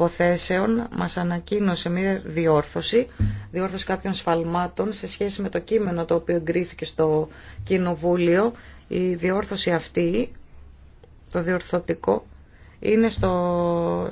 Υποθέσεων μας ανακοίνωσε μία διόρθωση, διόρθωση κάποιων σφαλμάτων σε σχέση με το κείμενο το οποίο εγκρίθηκε στο Κοινοβούλιο. Η διόρθωση αυτή, το διορθωτικό, είναι στο